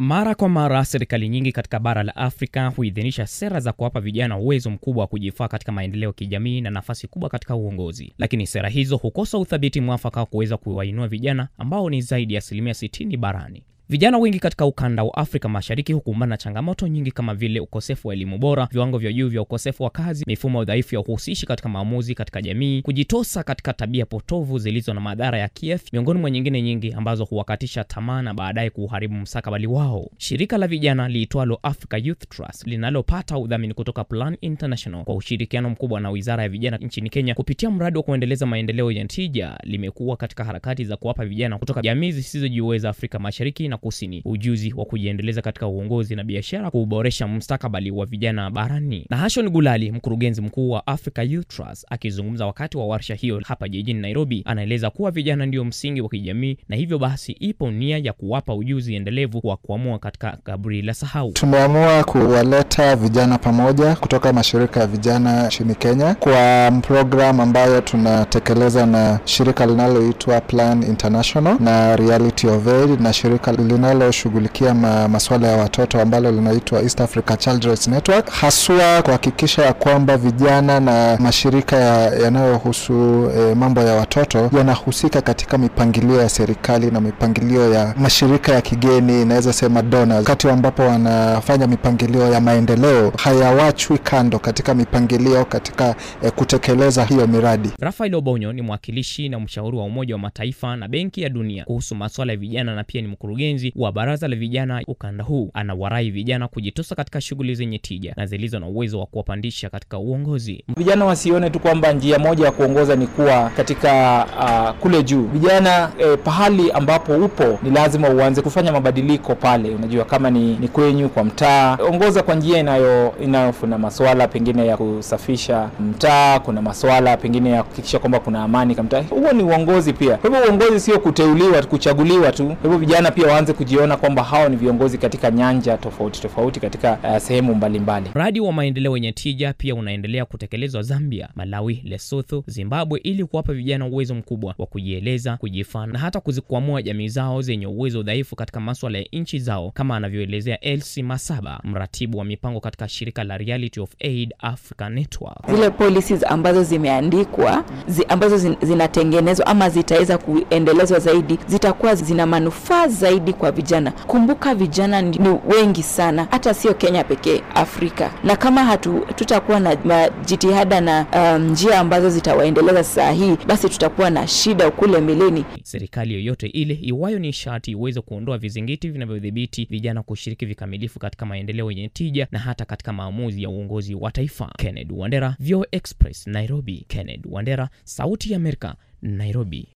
Mara kwa mara serikali nyingi katika bara la Afrika huidhinisha sera za kuwapa vijana uwezo mkubwa wa kujifaa katika maendeleo ya kijamii na nafasi kubwa katika uongozi, lakini sera hizo hukosa uthabiti mwafaka wa kuweza kuwainua vijana ambao ni zaidi ya asilimia 60 barani. Vijana wengi katika ukanda wa Afrika Mashariki hukumbana na changamoto nyingi kama vile ukosefu wa elimu bora, viwango vya juu vya ukosefu wa kazi, mifumo dhaifu ya uhusishi katika maamuzi katika jamii, kujitosa katika tabia potovu zilizo na madhara ya kiafya, miongoni mwa nyingine nyingi ambazo huwakatisha tamaa na baadaye kuharibu mstakabali wao. Shirika la vijana liitwalo Africa Youth Trust linalopata udhamini kutoka Plan International kwa ushirikiano mkubwa na Wizara ya Vijana nchini Kenya kupitia mradi wa kuendeleza maendeleo yenye tija limekuwa katika harakati za kuwapa vijana kutoka jamii zisizojiweza Afrika Mashariki na Kusini, ujuzi wa kujiendeleza katika uongozi na biashara, kuboresha mstakabali wa vijana barani. Na Hashon Gulali, mkurugenzi mkuu wa Africa Youth Trust, akizungumza wakati wa warsha hiyo hapa jijini Nairobi, anaeleza kuwa vijana ndio msingi wa kijamii na hivyo basi ipo nia ya kuwapa ujuzi endelevu wa kuamua katika kaburi la sahau. Tumeamua kuwaleta vijana pamoja kutoka mashirika ya vijana nchini Kenya kwa program ambayo tunatekeleza na shirika linaloitwa Plan International na Reality of Aid na shirika linaloshughulikia ma, masuala ya watoto ambalo linaitwa East Africa Child Rights Network, haswa kuhakikisha ya kwamba vijana na mashirika yanayohusu ya eh, e, mambo ya watoto yanahusika katika mipangilio ya serikali na mipangilio ya mashirika ya kigeni, inaweza sema donors, wakati ambapo wanafanya mipangilio ya maendeleo hayawachwi kando katika mipangilio katika e, kutekeleza hiyo miradi. Rafael Obonyo ni mwakilishi na mshauri wa Umoja wa Mataifa na Benki ya Dunia kuhusu masuala ya vijana na pia ni mkurugenzi ulinzi wa baraza la vijana ukanda huu, anawarai vijana kujitosa katika shughuli zenye tija na zilizo na uwezo wa kuwapandisha katika uongozi. Vijana wasione tu kwamba njia moja ya kuongoza ni kuwa katika uh, kule juu. Vijana eh, pahali ambapo upo ni lazima uanze kufanya mabadiliko pale. Unajua, kama ni, ni kwenyu kwa mtaa, ongoza kwa njia inayo inayo, masuala pengine ya kusafisha mtaa, kuna masuala pengine ya kuhakikisha kwamba kuna amani kwa mtaa. Huo ni uongozi pia. Kwa hivyo uongozi sio kuteuliwa, kuchaguliwa tu. Kwa hivyo vijana pia waanze waweze kujiona kwamba hao ni viongozi katika nyanja tofauti tofauti katika uh, sehemu mbalimbali. Mradi wa maendeleo yenye tija pia unaendelea kutekelezwa Zambia, Malawi, Lesotho, Zimbabwe ili kuwapa vijana uwezo mkubwa wa kujieleza, kujifana na hata kuzikwamua jamii zao zenye uwezo dhaifu katika masuala ya nchi zao, kama anavyoelezea lc Masaba, mratibu wa mipango katika shirika la Reality of Aid Africa Network. Zile policies ambazo zimeandikwa zi, ambazo zinatengenezwa ama zitaweza kuendelezwa zaidi zitakuwa zina manufaa zaidi zaidi kwa vijana. Kumbuka vijana ni, wengi sana, hata sio Kenya pekee, Afrika. Na kama hatu tutakuwa na jitihada na um, njia ambazo zitawaendeleza saa hii, basi tutakuwa na shida kule mbeleni Serikali yoyote ile iwayo ni shati iweze kuondoa vizingiti vinavyodhibiti vijana kushiriki vikamilifu katika maendeleo yenye tija na hata katika maamuzi ya uongozi wa taifa. kenned Wandera, Vio Express, Nairobi. kenned Wandera, Sauti ya Amerika, Nairobi.